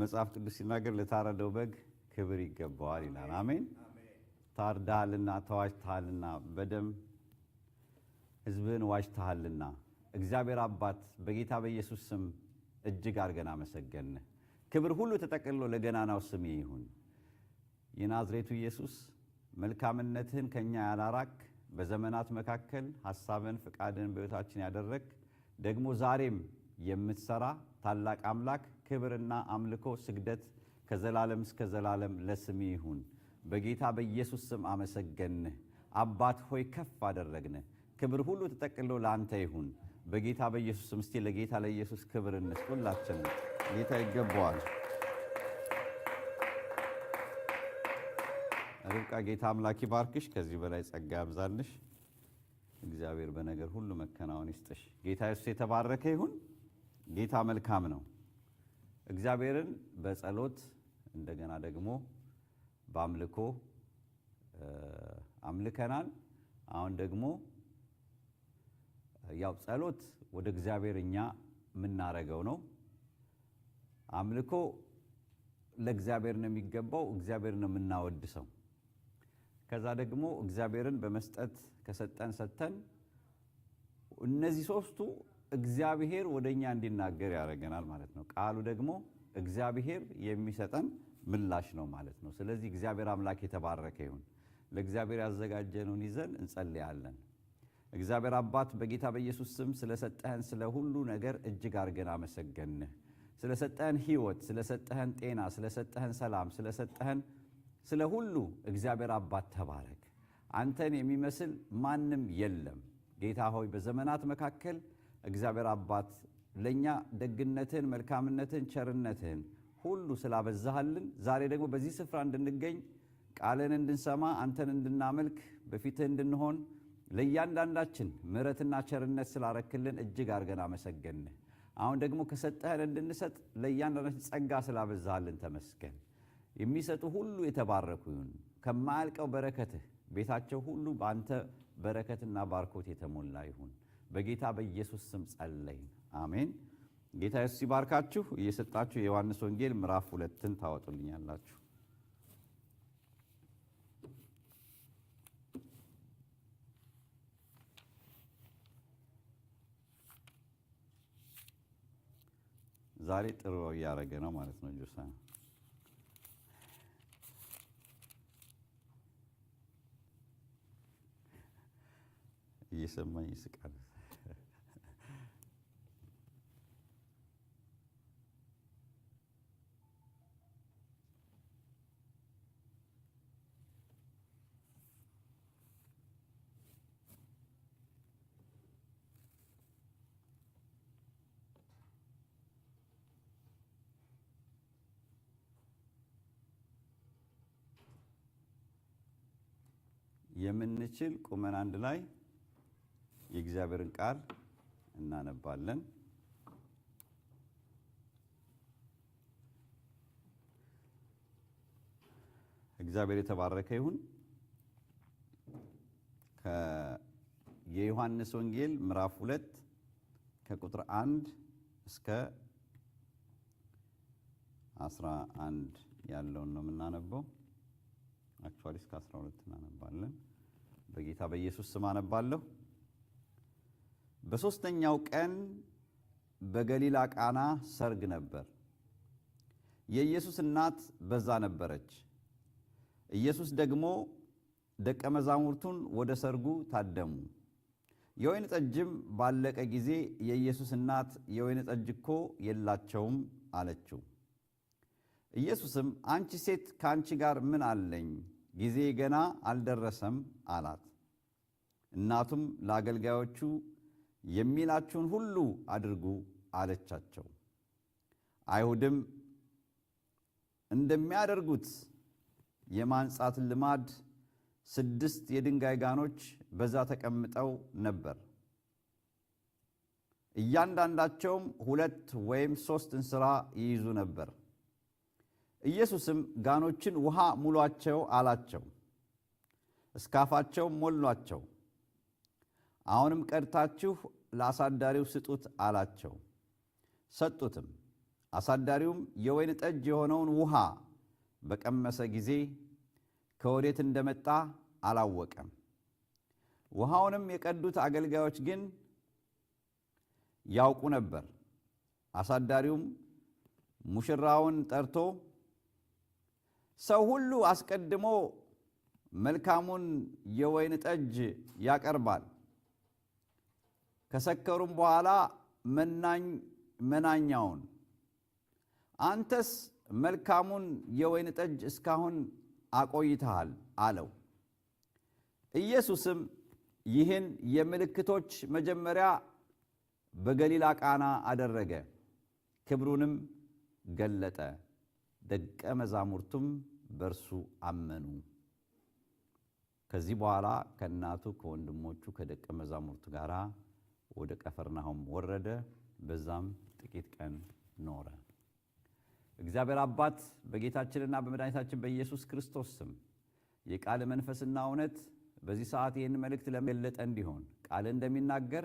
መጽሐፍ ቅዱስ ሲናገር ለታረደው በግ ክብር ይገባዋል ይላል። አሜን። ታርዳሃልና ተዋጅተሃልና በደም ሕዝብህን ዋጅተሃልና እግዚአብሔር አባት በጌታ በኢየሱስ ስም እጅግ አድርገን አመሰገንህ። ክብር ሁሉ ተጠቅልሎ ለገናናው ስም ይሁን። የናዝሬቱ ኢየሱስ መልካምነትህን ከእኛ ያላራክ በዘመናት መካከል ሐሳብን፣ ፍቃድን በሕይወታችን ያደረግ ደግሞ ዛሬም የምትሰራ ታላቅ አምላክ ክብርና አምልኮ ስግደት ከዘላለም እስከ ዘላለም ለስም ይሁን። በጌታ በኢየሱስ ስም አመሰገንህ። አባት ሆይ ከፍ አደረግንህ። ክብር ሁሉ ተጠቅሎ ለአንተ ይሁን። በጌታ በኢየሱስ ስም እስቲ ለጌታ ለኢየሱስ ክብር እንስ ሁላችንም ጌታ ይገባዋል። ርብቃ ጌታ አምላክ ይባርክሽ፣ ከዚህ በላይ ጸጋ ያብዛልሽ። እግዚአብሔር በነገር ሁሉ መከናወን ይስጥሽ። ጌታ ኢየሱስ የተባረከ ይሁን። ጌታ መልካም ነው። እግዚአብሔርን በጸሎት እንደገና ደግሞ በአምልኮ አምልከናል። አሁን ደግሞ ያው ጸሎት ወደ እግዚአብሔር እኛ የምናረገው ነው። አምልኮ ለእግዚአብሔር ነው የሚገባው። እግዚአብሔር ነው የምናወድሰው። ከዛ ደግሞ እግዚአብሔርን በመስጠት ከሰጠን ሰጥተን እነዚህ ሶስቱ እግዚአብሔር ወደ እኛ እንዲናገር ያደርገናል ማለት ነው። ቃሉ ደግሞ እግዚአብሔር የሚሰጠን ምላሽ ነው ማለት ነው። ስለዚህ እግዚአብሔር አምላክ የተባረከ ይሁን። ለእግዚአብሔር ያዘጋጀነውን ይዘን እንጸልያለን። እግዚአብሔር አባት በጌታ በኢየሱስ ስም ስለሰጠህን ስለ ሁሉ ነገር እጅግ አድርገን አመሰገንህ። ስለሰጠህን ሕይወት፣ ስለሰጠህን ጤና፣ ስለሰጠህን ሰላም፣ ስለሰጠህን ስለ ሁሉ እግዚአብሔር አባት ተባረክ። አንተን የሚመስል ማንም የለም። ጌታ ሆይ በዘመናት መካከል እግዚአብሔር አባት ለእኛ ደግነትን፣ መልካምነትን፣ ቸርነትን ሁሉ ስላበዛሃልን ዛሬ ደግሞ በዚህ ስፍራ እንድንገኝ ቃልን እንድንሰማ አንተን እንድናመልክ በፊትህ እንድንሆን ለእያንዳንዳችን ምሕረትና ቸርነት ስላረክልን እጅግ አድርገን አመሰገንህ። አሁን ደግሞ ከሰጠህን እንድንሰጥ ለእያንዳንዳችን ጸጋ ስላበዛሃልን ተመስገን። የሚሰጡ ሁሉ የተባረኩ ይሁን። ከማያልቀው በረከትህ ቤታቸው ሁሉ በአንተ በረከትና ባርኮት የተሞላ ይሁን። በጌታ በኢየሱስ ስም ጸለይን። አሜን። ጌታ ኢየሱስ ይባርካችሁ። እየሰጣችሁ የዮሐንስ ወንጌል ምዕራፍ ሁለትን ታወጡልኛላችሁ። ዛሬ ጥሩ እያደረገ ነው ማለት ነው ጆሳ እየሰማኝ ይስቃል። የምንችል ቁመን አንድ ላይ የእግዚአብሔርን ቃል እናነባለን። እግዚአብሔር የተባረከ ይሁን። የዮሐንስ ወንጌል ምዕራፍ ሁለት ከቁጥር አንድ እስከ አስራ አንድ ያለውን ነው የምናነበው። አክቹዋሊ እስከ 12 እናነባለን። በጌታ በኢየሱስ ስም አነባለሁ። በሦስተኛው ቀን በገሊላ ቃና ሰርግ ነበር። የኢየሱስ እናት በዛ ነበረች። ኢየሱስ ደግሞ ደቀ መዛሙርቱን ወደ ሰርጉ ታደሙ። የወይን ጠጅም ባለቀ ጊዜ የኢየሱስ እናት የወይን ጠጅ እኮ የላቸውም አለችው። ኢየሱስም አንቺ ሴት ከአንቺ ጋር ምን አለኝ? ጊዜ ገና አልደረሰም አላት። እናቱም ለአገልጋዮቹ የሚላችሁን ሁሉ አድርጉ አለቻቸው። አይሁድም እንደሚያደርጉት የማንጻት ልማድ ስድስት የድንጋይ ጋኖች በዛ ተቀምጠው ነበር። እያንዳንዳቸውም ሁለት ወይም ሦስት እንስራ ይይዙ ነበር። ኢየሱስም ጋኖችን ውሃ ሙሏቸው አላቸው፣ እስካፋቸውም ሞሏቸው። አሁንም ቀድታችሁ ለአሳዳሪው ስጡት አላቸው። ሰጡትም። አሳዳሪውም የወይን ጠጅ የሆነውን ውሃ በቀመሰ ጊዜ ከወዴት እንደመጣ አላወቀም። ውሃውንም የቀዱት አገልጋዮች ግን ያውቁ ነበር። አሳዳሪውም ሙሽራውን ጠርቶ ሰው ሁሉ አስቀድሞ መልካሙን የወይን ጠጅ ያቀርባል። ከሰከሩም በኋላ መናኝ መናኛውን አንተስ መልካሙን የወይን ጠጅ እስካሁን አቆይተሃል አለው። ኢየሱስም ይህን የምልክቶች መጀመሪያ በገሊላ ቃና አደረገ፣ ክብሩንም ገለጠ፣ ደቀ መዛሙርቱም በእርሱ አመኑ። ከዚህ በኋላ ከእናቱ ከወንድሞቹ ከደቀ መዛሙርቱ ጋር ወደ ቀፈርናሆም ወረደ። በዛም ጥቂት ቀን ኖረ። እግዚአብሔር አባት በጌታችንና በመድኃኒታችን በኢየሱስ ክርስቶስ ስም የቃል መንፈስና እውነት በዚህ ሰዓት ይህን መልእክት ለመገለጠ እንዲሆን ቃል እንደሚናገር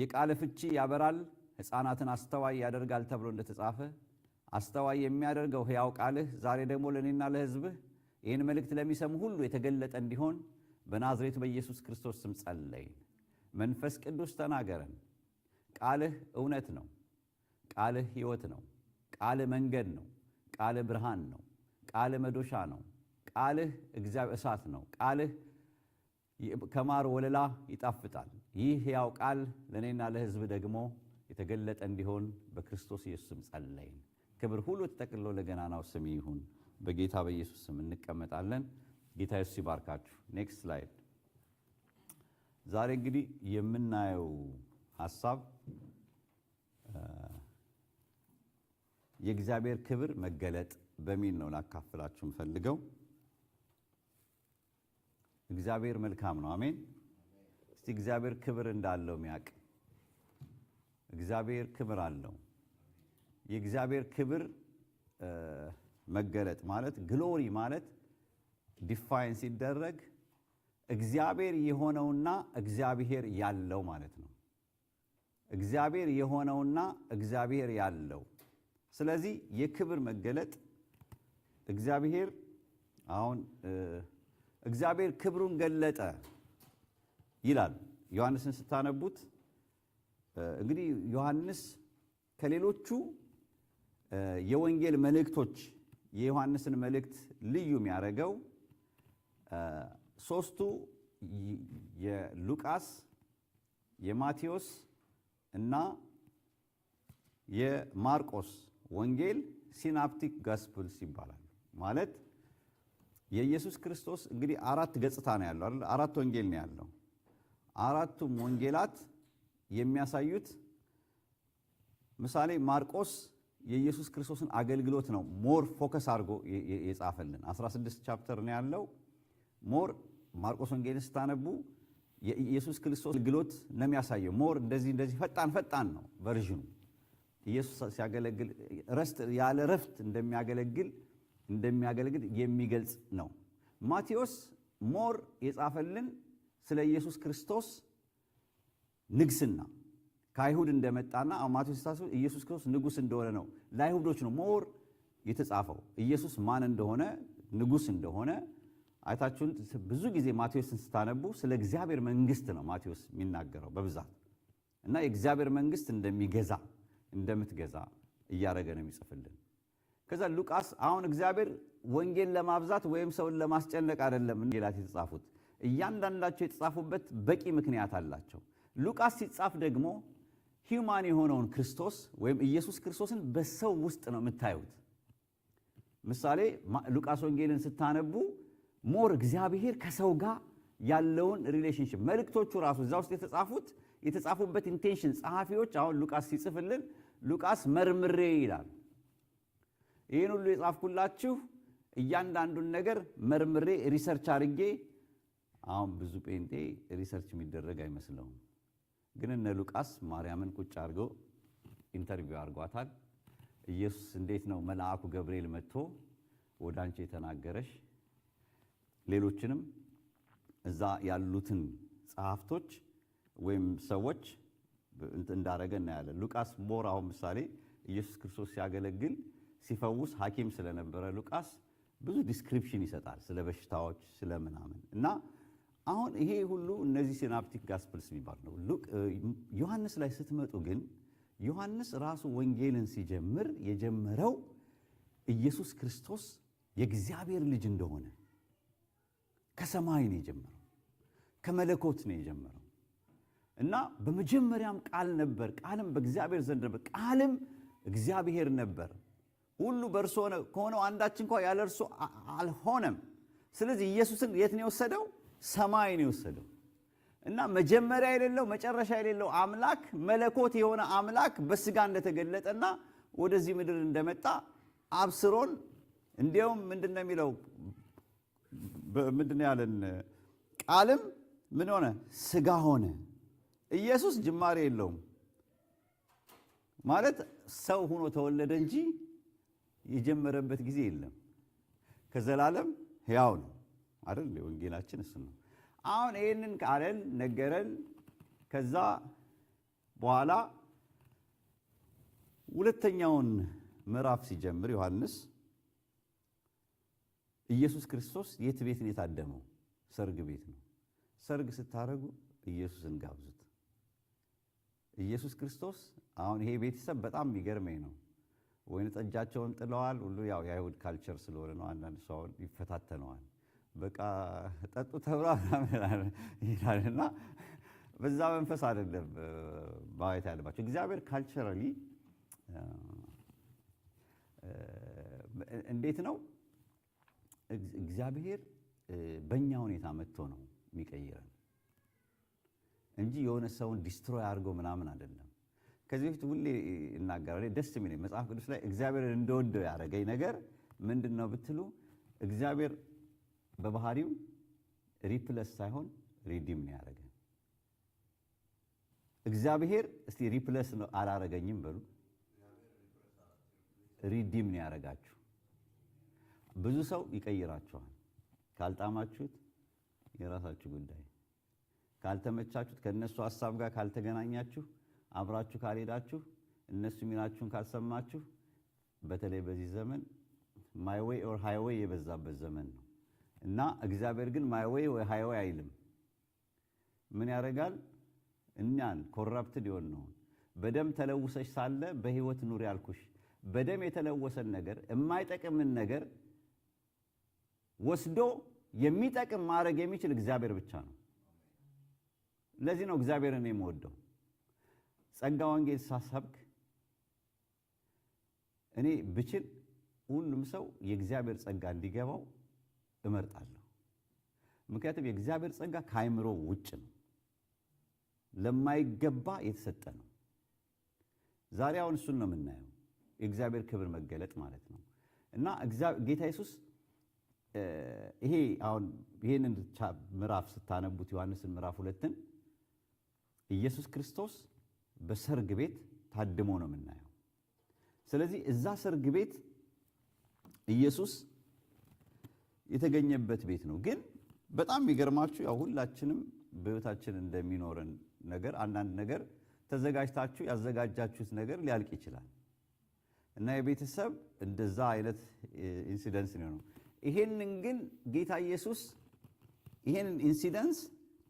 የቃል ፍቺ ያበራል፣ ህፃናትን አስተዋይ ያደርጋል ተብሎ እንደተጻፈ አስተዋይ የሚያደርገው ሕያው ቃልህ ዛሬ ደግሞ ለእኔና ለሕዝብህ ይህን መልእክት ለሚሰሙ ሁሉ የተገለጠ እንዲሆን በናዝሬቱ በኢየሱስ ክርስቶስ ስም ጸለይን። መንፈስ ቅዱስ ተናገረን። ቃልህ እውነት ነው። ቃልህ ሕይወት ነው። ቃልህ መንገድ ነው። ቃልህ ብርሃን ነው። ቃልህ መዶሻ ነው። ቃልህ እግዚአብሔር እሳት ነው። ቃልህ ከማር ወለላ ይጣፍጣል። ይህ ሕያው ቃል ለእኔና ለሕዝብ ደግሞ የተገለጠ እንዲሆን በክርስቶስ ኢየሱስም ጸለይን። ክብር ሁሉ ተጠቅሎ ለገናናው ስም ይሁን። በጌታ በኢየሱስ ስም እንቀመጣለን። ጌታ ኢየሱስ ይባርካችሁ። ኔክስት ስላይድ። ዛሬ እንግዲህ የምናየው ሀሳብ የእግዚአብሔር ክብር መገለጥ በሚል ነው ላካፍላችሁ ምፈልገው እግዚአብሔር መልካም ነው። አሜን። እስቲ እግዚአብሔር ክብር እንዳለው ሚያቅ እግዚአብሔር ክብር አለው የእግዚአብሔር ክብር መገለጥ ማለት ግሎሪ ማለት ዲፋይን ሲደረግ እግዚአብሔር የሆነውና እግዚአብሔር ያለው ማለት ነው። እግዚአብሔር የሆነውና እግዚአብሔር ያለው። ስለዚህ የክብር መገለጥ እግዚአብሔር አሁን እግዚአብሔር ክብሩን ገለጠ ይላል። ዮሐንስን ስታነቡት እንግዲህ ዮሐንስ ከሌሎቹ የወንጌል መልእክቶች የዮሐንስን መልእክት ልዩ የሚያደርገው ሶስቱ የሉቃስ የማቴዎስ እና የማርቆስ ወንጌል ሲናፕቲክ ጋስፕልስ ይባላል። ማለት የኢየሱስ ክርስቶስ እንግዲህ አራት ገጽታ ነው ያለው አይደል? አራት ወንጌል ነው ያለው። አራቱም ወንጌላት የሚያሳዩት ምሳሌ ማርቆስ የኢየሱስ ክርስቶስን አገልግሎት ነው ሞር ፎከስ አድርጎ የጻፈልን። 16 ቻፕተር ነው ያለው። ሞር ማርቆስ ወንጌልን ስታነቡ የኢየሱስ ክርስቶስ አገልግሎት ነው የሚያሳየው። ሞር እንደዚህ እንደዚህ ፈጣን ፈጣን ነው ቨርዥኑ። ኢየሱስ ሲያገለግል ረስት ያለ ረፍት እንደሚያገለግል እንደሚያገለግል የሚገልጽ ነው። ማቴዎስ ሞር የጻፈልን ስለ ኢየሱስ ክርስቶስ ንግስና ከአይሁድ እንደመጣና ማቴዎስ ሲታሱ ኢየሱስ ክርስቶስ ንጉሥ እንደሆነ ነው። ለአይሁዶች ነው ሞር የተጻፈው ኢየሱስ ማን እንደሆነ ንጉሥ እንደሆነ አይታችሁን። ብዙ ጊዜ ማቴዎስን ስታነቡ ስለ እግዚአብሔር መንግሥት ነው ማቴዎስ የሚናገረው በብዛት እና የእግዚአብሔር መንግሥት እንደሚገዛ እንደምትገዛ እያደረገ ነው የሚጽፍልን። ከዛ ሉቃስ አሁን እግዚአብሔር ወንጌል ለማብዛት ወይም ሰውን ለማስጨነቅ አይደለም ወንጌላት የተጻፉት። እያንዳንዳቸው የተጻፉበት በቂ ምክንያት አላቸው። ሉቃስ ሲጻፍ ደግሞ ሂውማን የሆነውን ክርስቶስ ወይም ኢየሱስ ክርስቶስን በሰው ውስጥ ነው የምታዩት። ምሳሌ ሉቃስ ወንጌልን ስታነቡ ሞር እግዚአብሔር ከሰው ጋር ያለውን ሪሌሽንሽፕ መልእክቶቹ ራሱ እዛ ውስጥ የተጻፉት የተጻፉበት ኢንቴንሽን ጸሐፊዎች አሁን ሉቃስ ሲጽፍልን ሉቃስ መርምሬ ይላል። ይህን ሁሉ የጻፍኩላችሁ እያንዳንዱን ነገር መርምሬ ሪሰርች አድርጌ። አሁን ብዙ ጴንጤ ሪሰርች የሚደረግ አይመስለውም። ግን እነ ሉቃስ ማርያምን ቁጭ አድርገው ኢንተርቪው አድርጓታል። ኢየሱስ እንዴት ነው መልአኩ ገብርኤል መጥቶ ወደ አንቺ የተናገረሽ? ሌሎችንም እዛ ያሉትን ጸሐፍቶች ወይም ሰዎች እንዳረገ እናያለን። ሉቃስ ሞር አሁን ምሳሌ ኢየሱስ ክርስቶስ ሲያገለግል ሲፈውስ ሐኪም ስለነበረ ሉቃስ ብዙ ዲስክሪፕሽን ይሰጣል ስለ በሽታዎች ስለ ምናምን እና አሁን ይሄ ሁሉ እነዚህ ሲናፕቲክ ጋስፕልስ የሚባል ነው። ዮሐንስ ላይ ስትመጡ ግን ዮሐንስ ራሱ ወንጌልን ሲጀምር የጀመረው ኢየሱስ ክርስቶስ የእግዚአብሔር ልጅ እንደሆነ ከሰማይ ነው የጀመረው፣ ከመለኮት ነው የጀመረው እና በመጀመሪያም ቃል ነበር፣ ቃልም በእግዚአብሔር ዘንድ ነበር፣ ቃልም እግዚአብሔር ነበር። ሁሉ በእርሱ ከሆነው አንዳች እንኳ ያለ እርሱ አልሆነም። ስለዚህ ኢየሱስን የት ነው የወሰደው? ሰማይን የወሰደው እና መጀመሪያ የሌለው መጨረሻ የሌለው አምላክ መለኮት የሆነ አምላክ በስጋ እንደተገለጠና ወደዚህ ምድር እንደመጣ አብስሮን እንዲያውም ምንድን ነው የሚለው ምንድን ያለን ቃልም ምን ሆነ ስጋ ሆነ ኢየሱስ ጅማሬ የለውም ማለት ሰው ሆኖ ተወለደ እንጂ የጀመረበት ጊዜ የለም ከዘላለም ሕያው ነው አይደል? ወንጌላችን እሱ ነው። አሁን ይህንን ቃለን ነገረን። ከዛ በኋላ ሁለተኛውን ምዕራፍ ሲጀምር ዮሐንስ ኢየሱስ ክርስቶስ የት ቤት ነው የታደመው? ሰርግ ቤት ነው። ሰርግ ስታደርጉ ኢየሱስን ጋብዙት። ኢየሱስ ክርስቶስ አሁን ይሄ ቤተሰብ በጣም የሚገርመኝ ነው። ወይን ጠጃቸውን ጥለዋል። ሁሉ ያው የአይሁድ ካልቸር ስለሆነ ነው። አንዳንድ ሰው አሁን ይፈታተነዋል። በቃ ጠጡ ተብሎ ይላልና በዛ መንፈስ አይደለም ማየት ያለባቸው። እግዚአብሔር ካልቸራሊ እንዴት ነው? እግዚአብሔር በእኛ ሁኔታ መጥቶ ነው የሚቀይረን እንጂ የሆነ ሰውን ዲስትሮይ አድርጎ ምናምን አይደለም። ከዚህ በፊት ሁሌ እናገራለሁ። ደስ የሚለኝ መጽሐፍ ቅዱስ ላይ እግዚአብሔር እንደወደው ያደረገኝ ነገር ምንድን ነው ብትሉ እግዚአብሔር በባህሪው ሪፕለስ ሳይሆን ሪዲም ነው ያደረገን። እግዚአብሔር እስቲ ሪፕለስ አላረገኝም በሉ። ሪዲም ነው ያደረጋችሁ። ብዙ ሰው ይቀይራችኋል። ካልጣማችሁት የራሳችሁ ጉዳይ፣ ካልተመቻችሁት፣ ከእነሱ ሀሳብ ጋር ካልተገናኛችሁ፣ አብራችሁ ካልሄዳችሁ፣ እነሱ የሚላችሁን ካልሰማችሁ፣ በተለይ በዚህ ዘመን ማይ ዌይ ኦር ሃይዌይ የበዛበት ዘመን ነው። እና እግዚአብሔር ግን ማይወይ ወይ ሃይወይ አይልም። ምን ያደርጋል? እኛን ኮረፕትድ የሆነውን በደም ተለውሰሽ ሳለ በህይወት ኑር ያልኩሽ በደም የተለወሰን ነገር የማይጠቅምን ነገር ወስዶ የሚጠቅም ማድረግ የሚችል እግዚአብሔር ብቻ ነው። ለዚህ ነው እኔ የምወደው። ጸጋ ወንጌል ሳሰብክ እኔ ብችል ሁሉም ሰው የእግዚአብሔር ጸጋ እንዲገባው እመርጣለሁ። ምክንያቱም የእግዚአብሔር ጸጋ ከአይምሮ ውጭ ነው፣ ለማይገባ የተሰጠ ነው። ዛሬ አሁን እሱን ነው የምናየው፣ የእግዚአብሔር ክብር መገለጥ ማለት ነው። እና ጌታ ኢየሱስ ይሄ አሁን ይህንን ምዕራፍ ስታነቡት ዮሐንስን ምዕራፍ ሁለትን ኢየሱስ ክርስቶስ በሰርግ ቤት ታድሞ ነው የምናየው። ስለዚህ እዛ ሰርግ ቤት ኢየሱስ የተገኘበት ቤት ነው። ግን በጣም የሚገርማችሁ ያው ሁላችንም በህይወታችን እንደሚኖረን ነገር አንዳንድ ነገር ተዘጋጅታችሁ ያዘጋጃችሁት ነገር ሊያልቅ ይችላል እና የቤተሰብ እንደዛ አይነት ኢንሲደንስ ነው። ይሄንን ግን ጌታ ኢየሱስ ይሄንን ኢንሲደንስ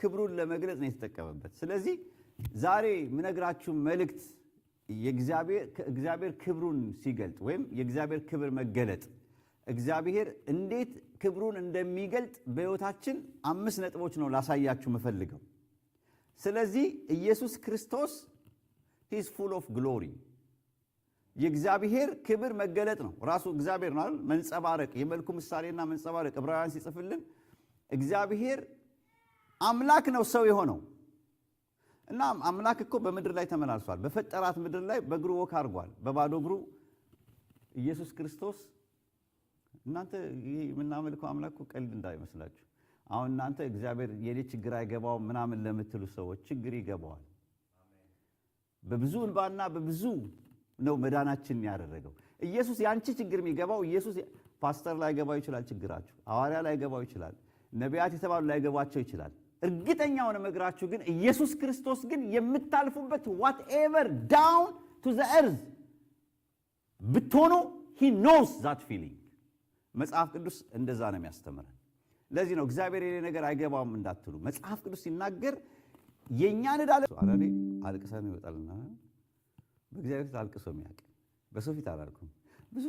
ክብሩን ለመግለጽ ነው የተጠቀመበት። ስለዚህ ዛሬ የምነግራችሁ መልእክት እግዚአብሔር ክብሩን ሲገልጥ ወይም የእግዚአብሔር ክብር መገለጥ እግዚአብሔር እንዴት ክብሩን እንደሚገልጥ በሕይወታችን አምስት ነጥቦች ነው ላሳያችሁ የምፈልገው። ስለዚህ ኢየሱስ ክርስቶስ ሂስ ፉል ኦፍ ግሎሪ የእግዚአብሔር ክብር መገለጥ ነው። ራሱ እግዚአብሔር ነው አይደል? መንጸባረቅ፣ የመልኩ ምሳሌና መንጸባረቅ። ዕብራውያን ሲጽፍልን እግዚአብሔር አምላክ ነው ሰው የሆነው እና አምላክ እኮ በምድር ላይ ተመላልሷል። በፈጠራት ምድር ላይ በእግሩ ወክ አድርጓል። በባዶ እግሩ ኢየሱስ ክርስቶስ እናንተ የምናመልከው አምላክ ቀልድ እንዳይመስላችሁ። አሁን እናንተ እግዚአብሔር የኔ ችግር አይገባው ምናምን ለምትሉ ሰዎች ችግር ይገባዋል። በብዙ እንባና በብዙ ነው መዳናችን ያደረገው ኢየሱስ። የአንቺ ችግር የሚገባው ኢየሱስ ፓስተር ላይገባው ይችላል፣ ችግራችሁ ሐዋርያ ላይገባው ይችላል፣ ነቢያት የተባሉ ላይገባቸው ይችላል። እርግጠኛ ሆነ መግራችሁ ግን ኢየሱስ ክርስቶስ ግን የምታልፉበት ዋትኤቨር ዳውን ቱ ዘ እርዝ ብትሆኑ ሂ ኖውስ ዛት ፊሊንግ መጽሐፍ ቅዱስ እንደዛ ነው የሚያስተምረን። ለዚህ ነው እግዚአብሔር የሌለ ነገር አይገባም እንዳትሉ መጽሐፍ ቅዱስ ሲናገር የእኛን ዕዳ አላኔ አልቅሰን ይወጣልና በእግዚአብሔር ፊት አልቅሶ የሚያውቅ በሰው ፊት አላልኩም ብዙ